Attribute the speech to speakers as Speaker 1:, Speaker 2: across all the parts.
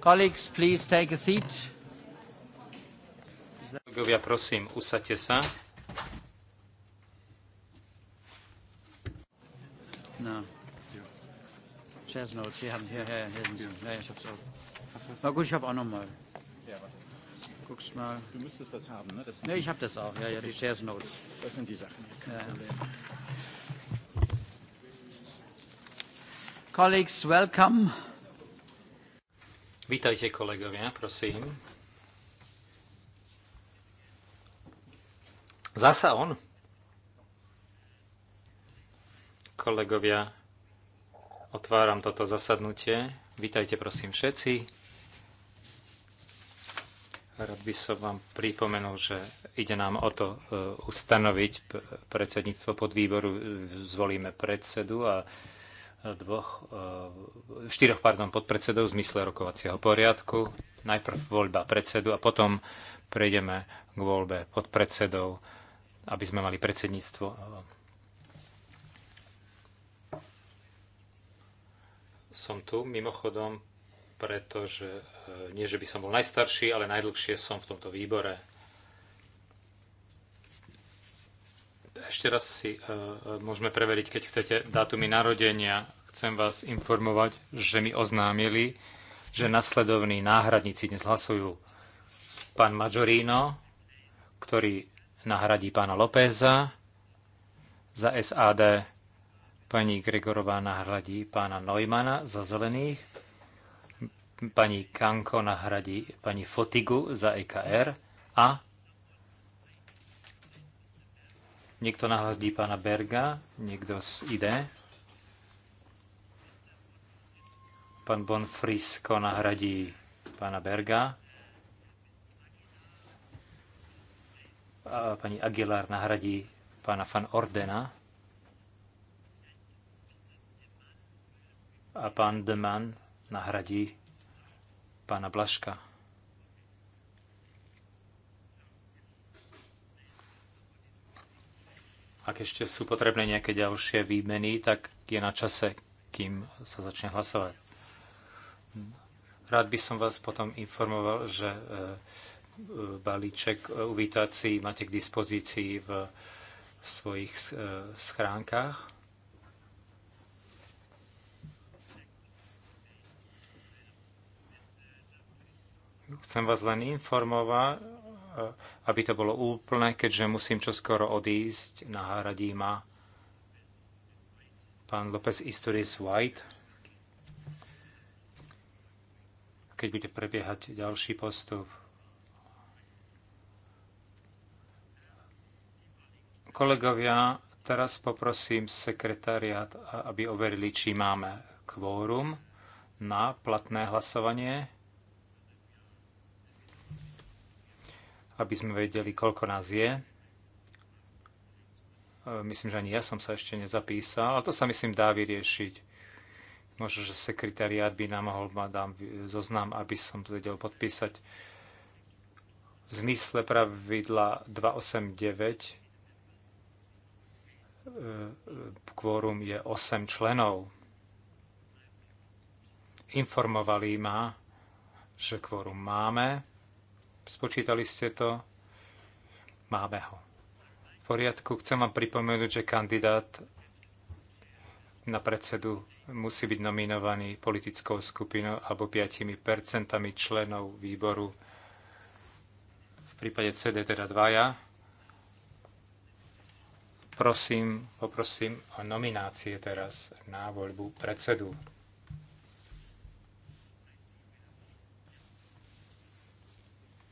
Speaker 1: Colleagues, please take a seat. Kolegovia, prosím, usadte sa. No. Chairs notes, Sie haben hier, hier, hier. Ja, ich hab's auch. Na no, gut, ich hab auch noch mal. Ja, warte. Guck's mal. Du müsstest das haben, ne? Das ne, ich hab das auch, ja, ja, die Chairs Notes. Das sind die Sachen.
Speaker 2: Ja. Colleagues, welcome.
Speaker 1: Vítajte kolegovia, prosím. Zasa on. Kolegovia, otváram toto zasadnutie. Vítajte prosím všetci. Rád by som vám pripomenul, že ide nám o to e, ustanoviť predsedníctvo podvýboru. Zvolíme predsedu a dvoch, eh, štyroch pardon, podpredsedov v zmysle rokovacieho poriadku. Najprv voľba predsedu a potom prejdeme k voľbe podpredsedov, aby sme mali predsedníctvo. Som tu mimochodom, pretože eh, nie, že by som bol najstarší, ale najdlhšie som v tomto výbore. Ešte raz si eh, eh, môžeme preveriť, keď chcete, dátumy narodenia. Chcem vás informovať, že mi oznámili, že nasledovní náhradníci dnes hlasujú pán Majorino, ktorý nahradí pána Lópeza, za SAD pani Gregorová nahradí pána Neumana za zelených, pani Kanko nahradí pani Fotigu za EKR a Niekto nahlasí pána Berga, niekto z ID. Pán Bonfrisko nahradí pána Berga. A pani Aguilar nahradí pána Van Ordena. A pán Deman nahradí pána Blaška. Ak ešte sú potrebné nejaké ďalšie výmeny, tak je na čase, kým sa začne hlasovať. Rád by som vás potom informoval, že e, balíček e, uvítací máte k dispozícii v svojich e, schránkach. Chcem vás len informovať, Eh, aby to bolo úplné, keďže musím čoskoro odísť, nahradí ma pán López Isturiz White. Keď bude prebiehať ďalší postup. Kolegovia, teraz poprosím sekretariat, aby overili, či máme kvórum na platné hlasovanie. aby sme vedeli, koľko nás je. E, myslím, že ani ja som sa ešte nezapísal, ale to sa myslím dá vyriešiť. Možno, že sekretariát by nám mohol dám zoznam, aby som to vedel podpísať. V zmysle pravidla 289 e, e, kvórum je 8 členov. Informovali ma, že kvórum máme Spočítali ste to? Máme ho. V poriadku. Chcem vám pripomenúť, že kandidát na predsedu musí byť nominovaný politickou skupinou alebo 5 percentami členov výboru. V prípade CD teda dvaja. Prosím, poprosím o nominácie teraz na voľbu predsedu.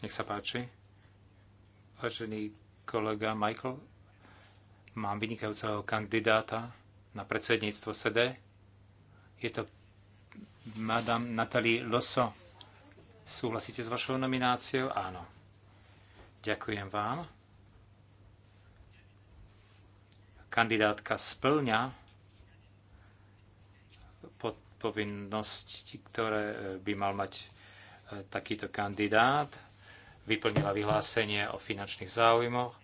Speaker 1: Nech sa páči. Vážený kolega Michael, mám vynikajúceho kandidáta na predsedníctvo SED. Je to Madame Nathalie Loso. Súhlasíte s vašou nomináciou? Áno. Ďakujem vám. Kandidátka splňa povinnosti, ktoré eh, by mal mať eh, takýto kandidát vyplnila vyhlásenie o finančných záujmoch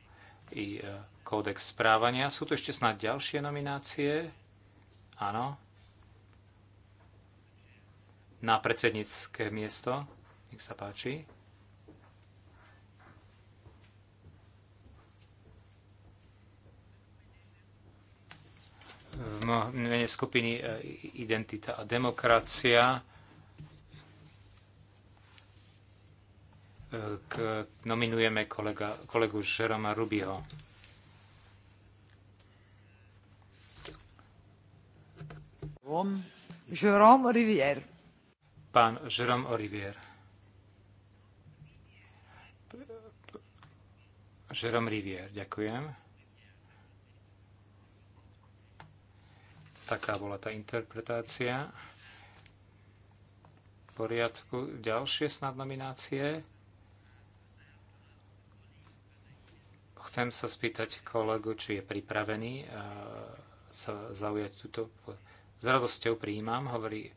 Speaker 1: i e, kódex správania. Sú tu ešte snáď ďalšie nominácie? Áno. Na predsednícke miesto. Nech sa páči. v mene skupiny e, Identita a demokracia k, nominujeme kolega, kolegu Žeroma Rubiho. Jerome Rivier. Pán Jerome Rivier. Jerome Rivier, ďakujem. Taká bola tá interpretácia. V poriadku. Ďalšie snad nominácie. Chcem sa spýtať kolegu, či je pripravený eh, sa zaujať túto. S radosťou prijímam, hovorí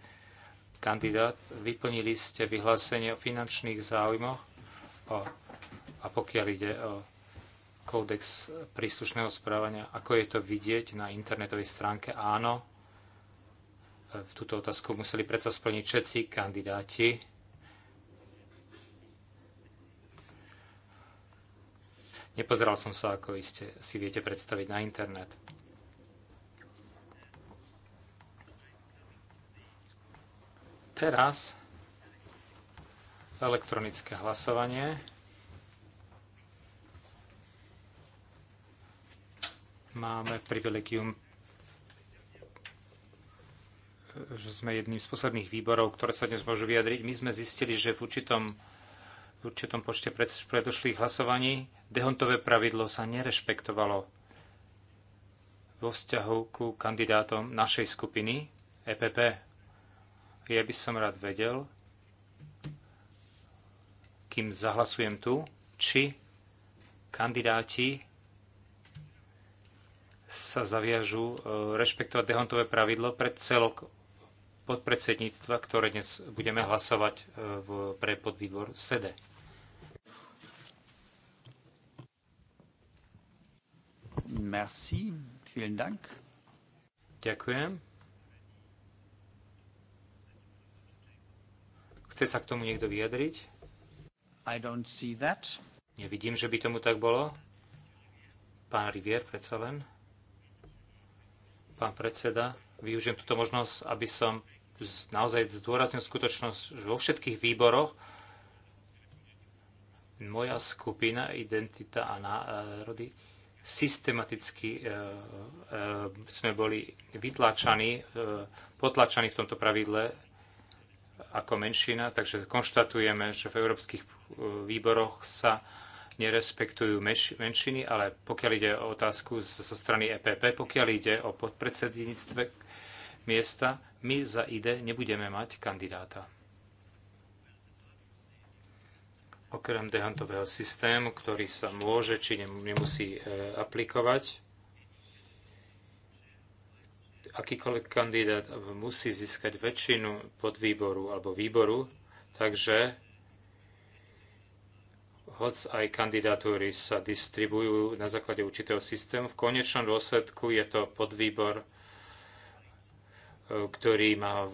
Speaker 1: kandidát. Vyplnili ste vyhlásenie o finančných záujmoch o, a pokiaľ ide o kódex príslušného správania, ako je to vidieť na internetovej stránke, áno, eh, v túto otázku museli predsa splniť všetci kandidáti Nepozeral som sa, ako iste si viete predstaviť na internet. Teraz elektronické hlasovanie. Máme privilegium, že sme jedným z posledných výborov, ktoré sa dnes môžu vyjadriť. My sme zistili, že v určitom určitom počte predošlých hlasovaní dehontové pravidlo sa nerešpektovalo vo vzťahu ku kandidátom našej skupiny EPP. Ja by som rád vedel, kým zahlasujem tu, či kandidáti sa zaviažú e, rešpektovať dehontové pravidlo pred celok podpredsedníctva, ktoré dnes budeme hlasovať e, pre podvýbor SEDE. Merci. Vielen Dank. Ďakujem. Chce sa k tomu niekto vyjadriť? I don't see that. Nevidím, že by tomu tak bolo. Pán Rivier, predsa len. Pán predseda, využijem túto možnosť, aby som naozaj zdôraznil skutočnosť, že vo všetkých výboroch moja skupina, identita a národy systematicky e, e, sme boli vytláčaní, e, potlačaní v tomto pravidle ako menšina, takže konštatujeme, že v európskych výboroch sa nerespektujú menšiny, ale pokiaľ ide o otázku zo strany EPP, pokiaľ ide o podpredsedníctve miesta, my za IDE nebudeme mať kandidáta. okrem dehantového systému, ktorý sa môže či nemusí e, aplikovať. Akýkoľvek kandidát musí získať väčšinu podvýboru alebo výboru, takže hoc aj kandidatúry sa distribujú na základe určitého systému. V konečnom dôsledku je to podvýbor, e, ktorý má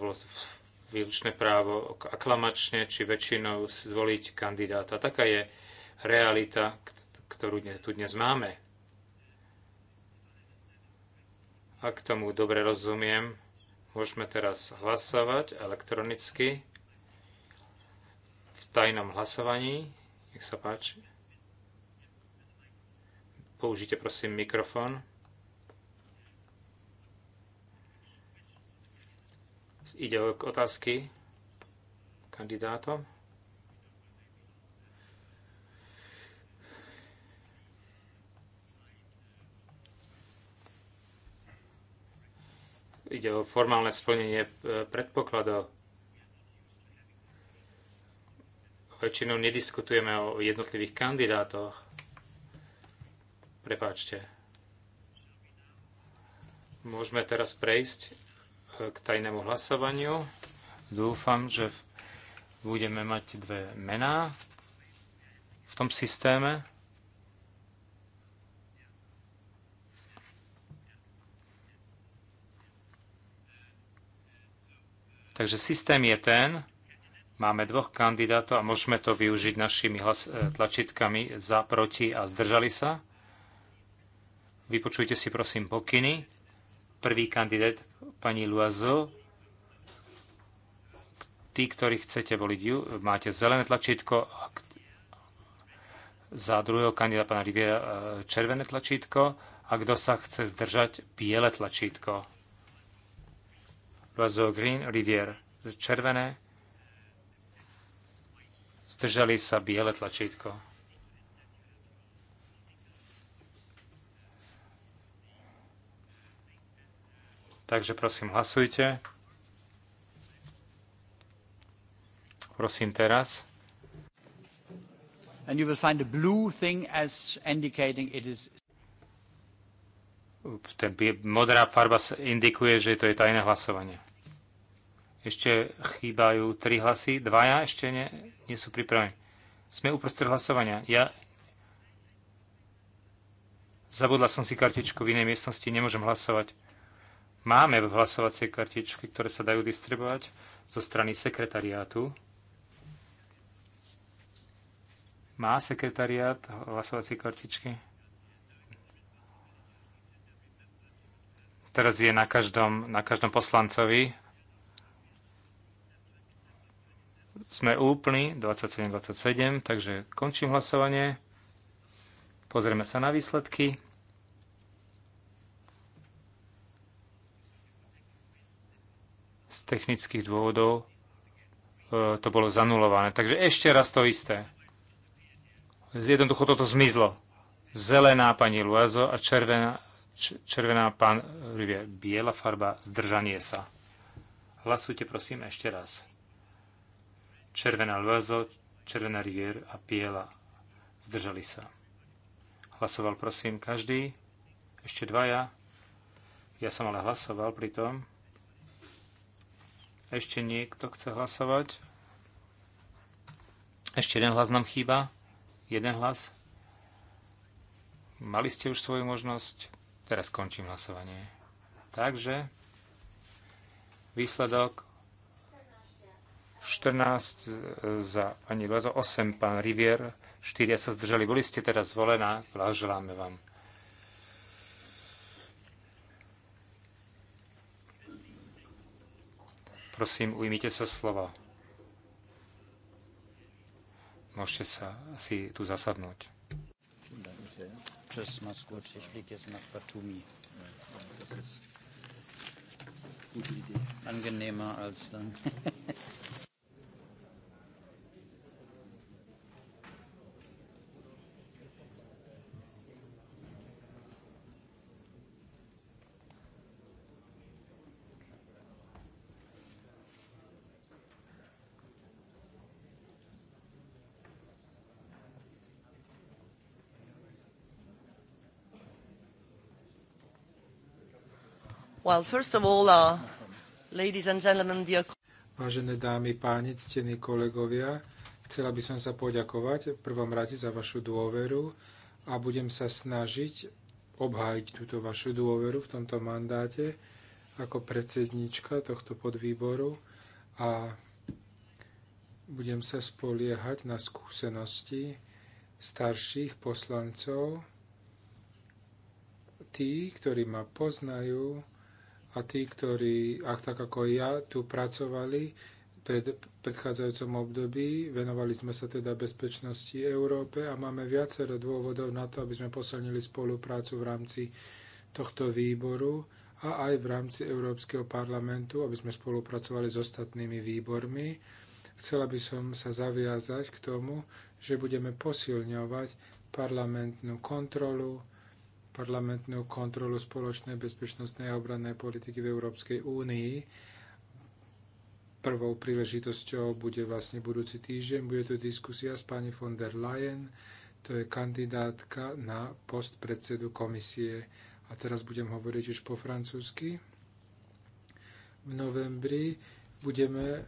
Speaker 1: výlučné právo aklamačne či väčšinou zvoliť kandidáta. Taká je realita, ktorú tu dnes máme. Ak tomu dobre rozumiem, môžeme teraz hlasovať elektronicky v tajnom hlasovaní. Nech sa páči. Použite prosím mikrofón. ide o otázky kandidátom. Ide o formálne splnenie e, predpokladov. Väčšinou nediskutujeme o jednotlivých kandidátoch. Prepáčte. Môžeme teraz prejsť k tajnému hlasovaniu. Dúfam, že budeme mať dve mená v tom systéme. Takže systém je ten, máme dvoch kandidátov a môžeme to využiť našimi hlas, e, tlačítkami za, proti a zdržali sa. Vypočujte si prosím pokyny. Prvý kandidát, pani Luazo, tí, ktorí chcete voliť ju, máte zelené tlačítko, za druhého kandidáta pana Riviera e, červené tlačítko a kto sa chce zdržať, biele tlačítko. Luazo Green, Rivier červené, zdržali sa biele tlačítko. Takže prosím, hlasujte. Prosím teraz.
Speaker 2: And you will find a blue thing as indicating it is
Speaker 1: ten modrá farba indikuje, že to je tajné hlasovanie. Ešte chýbajú tri hlasy, dvaja ešte nie, nie sú pripravení. Sme uprostred hlasovania. Ja Zabudla som si kartičku v inej miestnosti, nemôžem hlasovať. Máme hlasovacie kartičky, ktoré sa dajú distribuovať zo strany sekretariátu. Má sekretariát hlasovacie kartičky? Teraz je na každom, na každom poslancovi. Sme úplní, 27-27, takže končím hlasovanie. Pozrieme sa na výsledky. z technických dôvodov e, to bolo zanulované. Takže ešte raz to isté. Jednoducho toto zmizlo. Zelená pani Luazo a červená, červená pán Rivier. Biela farba, zdržanie sa. Hlasujte prosím ešte raz. Červená Luazo, červená Rivier a biela. Zdržali sa. Hlasoval prosím každý. Ešte dvaja. Ja som ale hlasoval pri tom. Ešte niekto chce hlasovať? Ešte jeden hlas nám chýba. Jeden hlas. Mali ste už svoju možnosť. Teraz končím hlasovanie. Takže výsledok 14 za pani Lezo, 8 pán Rivier, 4 sa zdržali. Boli ste teraz zvolená. Blahoželáme vám. Prosím, ujmite sa slova. Môžete sa asi tu zasadnúť. Tschüss, nach Batumi. Angenehmer als dann.
Speaker 2: Well, first of all, uh, ladies and gentlemen, dear... Vážené dámy, páni, ctení kolegovia, chcela by som sa poďakovať v prvom rade za vašu dôveru a budem sa snažiť obhájiť túto vašu dôveru v tomto mandáte ako predsednička tohto podvýboru a budem sa spoliehať na skúsenosti starších poslancov, tí, ktorí ma poznajú, a tí, ktorí, ak tak ako ja, tu pracovali pred predchádzajúcom období, venovali sme sa teda bezpečnosti Európe a máme viacero dôvodov na to, aby sme posilnili spoluprácu v rámci tohto výboru a aj v rámci Európskeho parlamentu, aby sme spolupracovali s ostatnými výbormi. Chcela by som sa zaviazať k tomu, že budeme posilňovať parlamentnú kontrolu, parlamentnú kontrolu spoločnej bezpečnostnej a obrannej politiky v Európskej únii. Prvou príležitosťou bude vlastne budúci týždeň, bude tu diskusia s pani von der Leyen, to je kandidátka na post predsedu komisie. A teraz budem hovoriť už po francúzsky. V novembri budeme,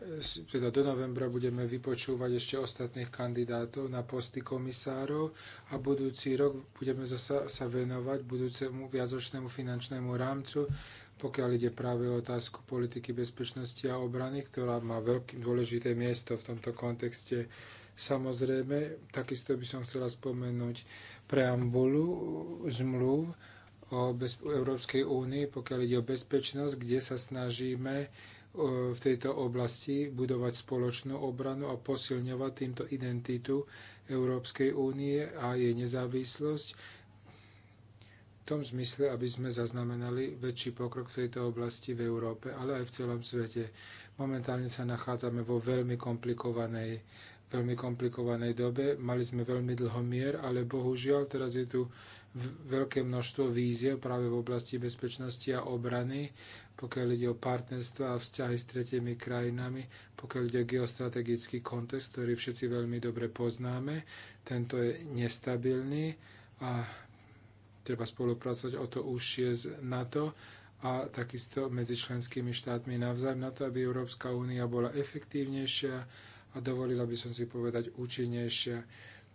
Speaker 2: teda do novembra budeme vypočúvať ešte ostatných kandidátov na posty komisárov a budúci rok budeme zasa sa venovať budúcemu viazočnému finančnému rámcu, pokiaľ ide práve o otázku politiky bezpečnosti a obrany, ktorá má veľké dôležité miesto v tomto kontexte. Samozrejme, takisto by som chcela spomenúť preambulu zmluv o Európskej únii, pokiaľ ide o bezpečnosť, kde sa snažíme E, v tejto oblasti, budovať spoločnú obranu a posilňovať týmto identitu Európskej únie a jej nezávislosť v tom zmysle, aby sme zaznamenali väčší pokrok v tejto oblasti v Európe, ale aj v celom svete. Momentálne sa nachádzame vo veľmi komplikovanej veľmi komplikovanej dobe. Mali sme veľmi dlho mier, ale bohužiaľ teraz je tu veľké množstvo víziev práve v oblasti bezpečnosti a obrany, pokiaľ ide o partnerstva a vzťahy s tretimi krajinami, pokiaľ ide o geostrategický kontext, ktorý všetci veľmi dobre poznáme. Tento je nestabilný a treba spolupracovať o to je z NATO a takisto medzi členskými štátmi navzájom na to, aby Európska únia bola efektívnejšia, a dovolila by som si povedať účinnejšia.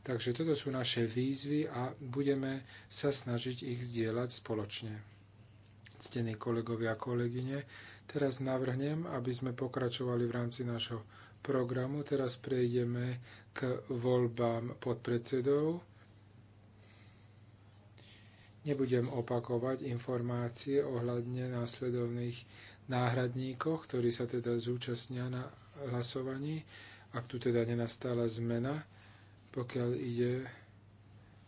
Speaker 2: Takže toto sú naše výzvy a budeme sa snažiť ich zdieľať spoločne. Ctení kolegovia a kolegyne, teraz navrhnem, aby sme pokračovali v rámci nášho programu. Teraz prejdeme k voľbám podpredsedov. Nebudem opakovať informácie ohľadne následovných náhradníkoch, ktorí sa teda zúčastnia na hlasovaní ak tu teda nenastala zmena, pokiaľ ide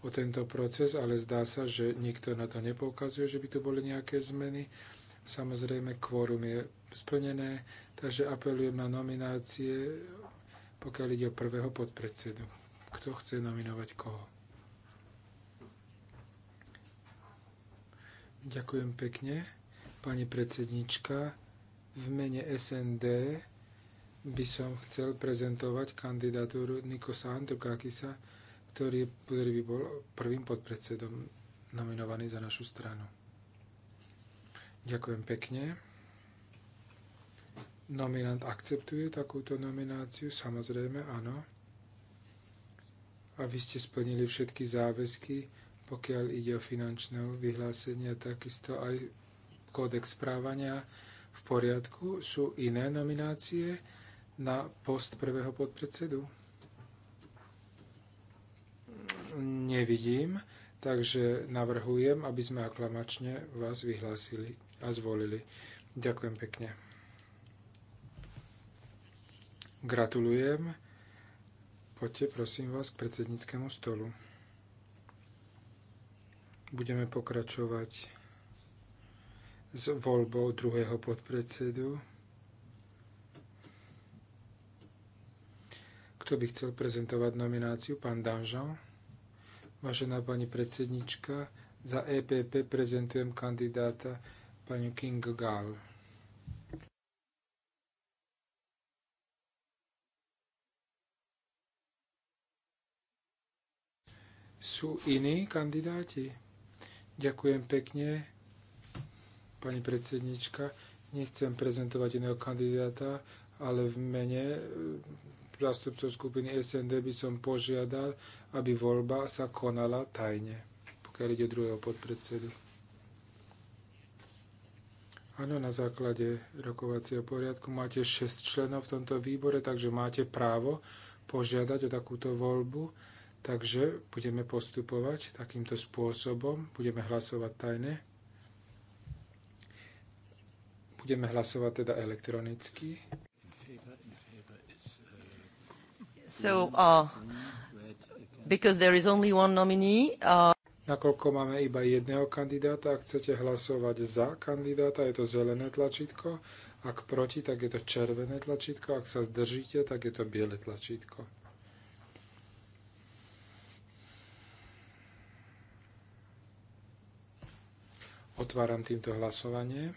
Speaker 2: o tento proces, ale zdá sa, že nikto na to nepoukazuje, že by tu boli nejaké zmeny. Samozrejme, kvórum je splnené, takže apelujem na nominácie, pokiaľ ide o prvého podpredsedu. Kto chce nominovať koho? Ďakujem pekne, pani predsednička. V mene SND by som chcel prezentovať kandidatúru Nikosa Antokakisa, ktorý, ktorý by bol prvým podpredsedom nominovaný za našu stranu. Ďakujem pekne. Nominant akceptuje takúto nomináciu? Samozrejme, áno. A vy ste splnili všetky záväzky, pokiaľ ide o finančné vyhlásenie, takisto aj kódex správania v poriadku. Sú iné nominácie? na post prvého podpredsedu? Nevidím, takže navrhujem, aby sme aklamačne vás vyhlásili a zvolili. Ďakujem pekne. Gratulujem. Poďte prosím vás k predsedníckému stolu. Budeme pokračovať s voľbou druhého podpredsedu. Kto by chcel prezentovať nomináciu? Pán Danžan. Vážená pani predsednička, za EPP prezentujem kandidáta pani King Gall. Sú iní kandidáti? Ďakujem pekne, pani predsednička. Nechcem prezentovať iného kandidáta, ale v mene zástupcov skupiny SND by som požiadal, aby voľba sa konala tajne, pokiaľ ide druhého podpredsedu. Áno, na základe rokovacieho poriadku máte 6 členov v tomto výbore, takže máte právo požiadať o takúto voľbu. Takže budeme postupovať takýmto spôsobom, budeme hlasovať tajne. Budeme hlasovať teda elektronicky. So, uh, because there is only one nominee, uh... Nakoľko máme iba jedného kandidáta, ak chcete hlasovať za kandidáta, je to zelené tlačítko. Ak proti, tak je to červené tlačítko. Ak sa zdržíte, tak je to biele tlačítko. Otváram týmto hlasovanie.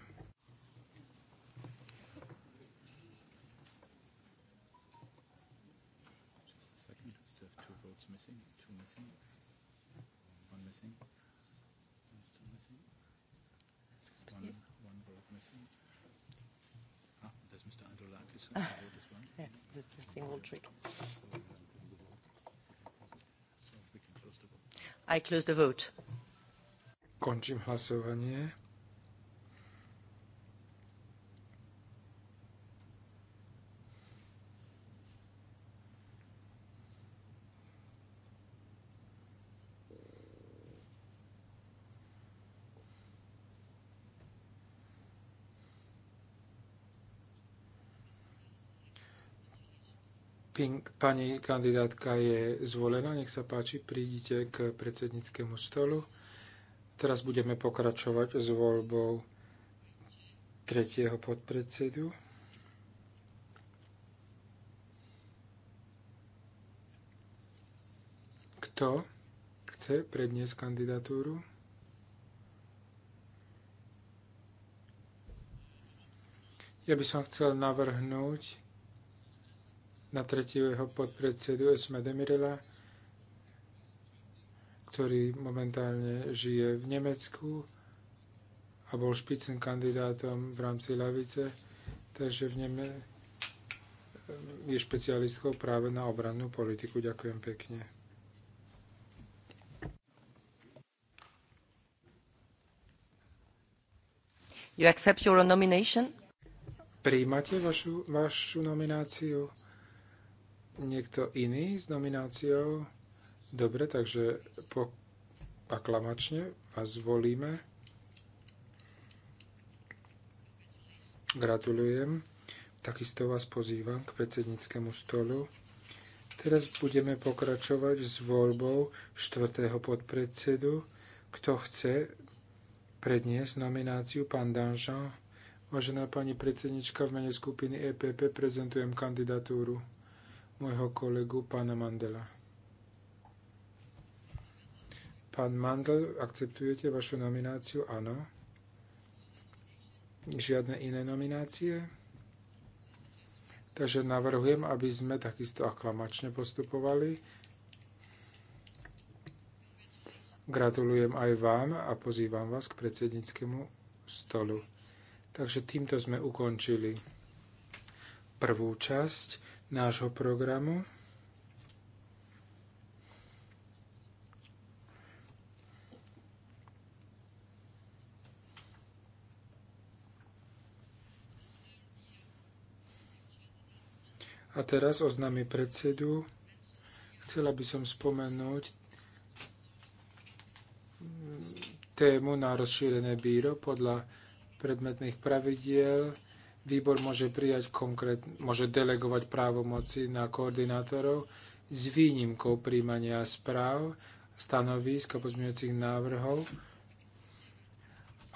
Speaker 2: What's missing? Two missing? One missing? There's two missing? One, one vote missing? Ah, there's Mr. Androlakis who vote as well. Yes, it's just the single trick. So we can close I close the vote. Končím hlasovanie. Pink, pani kandidátka je zvolená. Nech sa páči, prídite k predsedníckému stolu. Teraz budeme pokračovať s voľbou tretieho podpredsedu. Kto chce predniesť kandidatúru? Ja by som chcel navrhnúť na tretieho podpredsedu Esme Demirela, ktorý momentálne žije v Nemecku a bol špicným kandidátom v rámci lavice, takže v Neme je špecialistkou práve na obrannú politiku. Ďakujem pekne. You accept your nomination? Príjmate vašu, vašu nomináciu? Niekto iný s nomináciou? Dobre, takže po aklamačne vás zvolíme. Gratulujem. Takisto vás pozývam k predsedníckému stolu. Teraz budeme pokračovať s voľbou štvrtého podpredsedu. Kto chce predniesť nomináciu pán Danžan? Vážená pani predsednička, v mene skupiny EPP prezentujem kandidatúru môjho kolegu pána Mandela. Pán Mandel, akceptujete vašu nomináciu? Áno. Žiadne iné nominácie? Takže navrhujem, aby sme takisto aklamačne postupovali. Gratulujem aj vám a pozývam vás k predsedníckému stolu. Takže týmto sme ukončili prvú časť nášho programu. A teraz oznámi predsedu. Chcela by som spomenúť tému na rozšírené bíro podľa predmetných pravidiel Výbor môže prijať konkrét, môže delegovať právomoci na koordinátorov s výnimkou príjmania správ, stanovísk a pozmeňujúcich návrhov.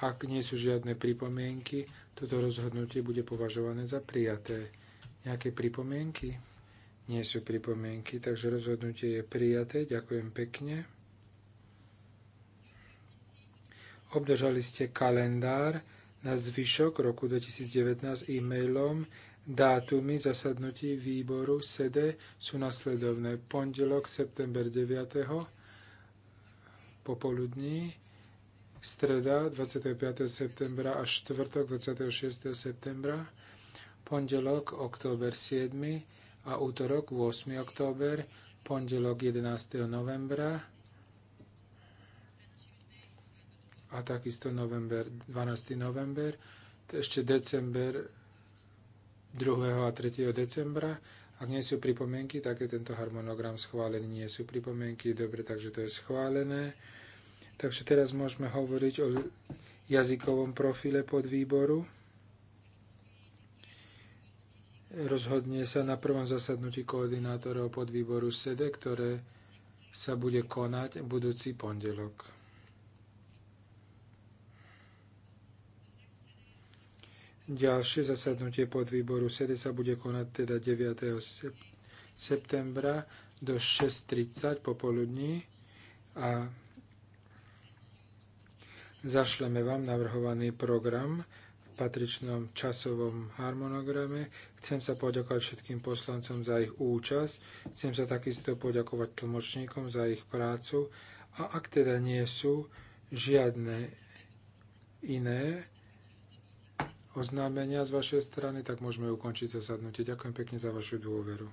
Speaker 2: Ak nie sú žiadne pripomienky, toto rozhodnutie bude považované za prijaté. Nejaké pripomienky? Nie sú pripomienky, takže rozhodnutie je prijaté. Ďakujem pekne. Obdržali ste kalendár na zvyšok roku 2019 e-mailom. Dátumy zasadnutí výboru SEDE sú nasledovné. Pondelok, september 9. popoludní, streda 25. septembra a štvrtok 26. septembra, pondelok, október 7. a útorok 8. október, pondelok 11. novembra, a takisto november, 12. november, ešte december 2. a 3. decembra. Ak nie sú pripomienky, tak je tento harmonogram schválený. Nie sú pripomienky, dobre, takže to je schválené. Takže teraz môžeme hovoriť o jazykovom profile podvýboru. Rozhodne sa na prvom zasadnutí koordinátorov podvýboru SEDE, ktoré sa bude konať budúci pondelok. Ďalšie zasadnutie podvýboru SEDE sa bude konať teda 9. septembra do 6.30 popoludní a zašleme vám navrhovaný program v patričnom časovom harmonograme. Chcem sa poďakovať všetkým poslancom za ich účasť. Chcem sa takisto poďakovať tlmočníkom za ich prácu. A ak teda nie sú žiadne iné oznámenia z vašej strany, tak môžeme ukončiť zasadnutie. Ďakujem pekne za vašu dôveru.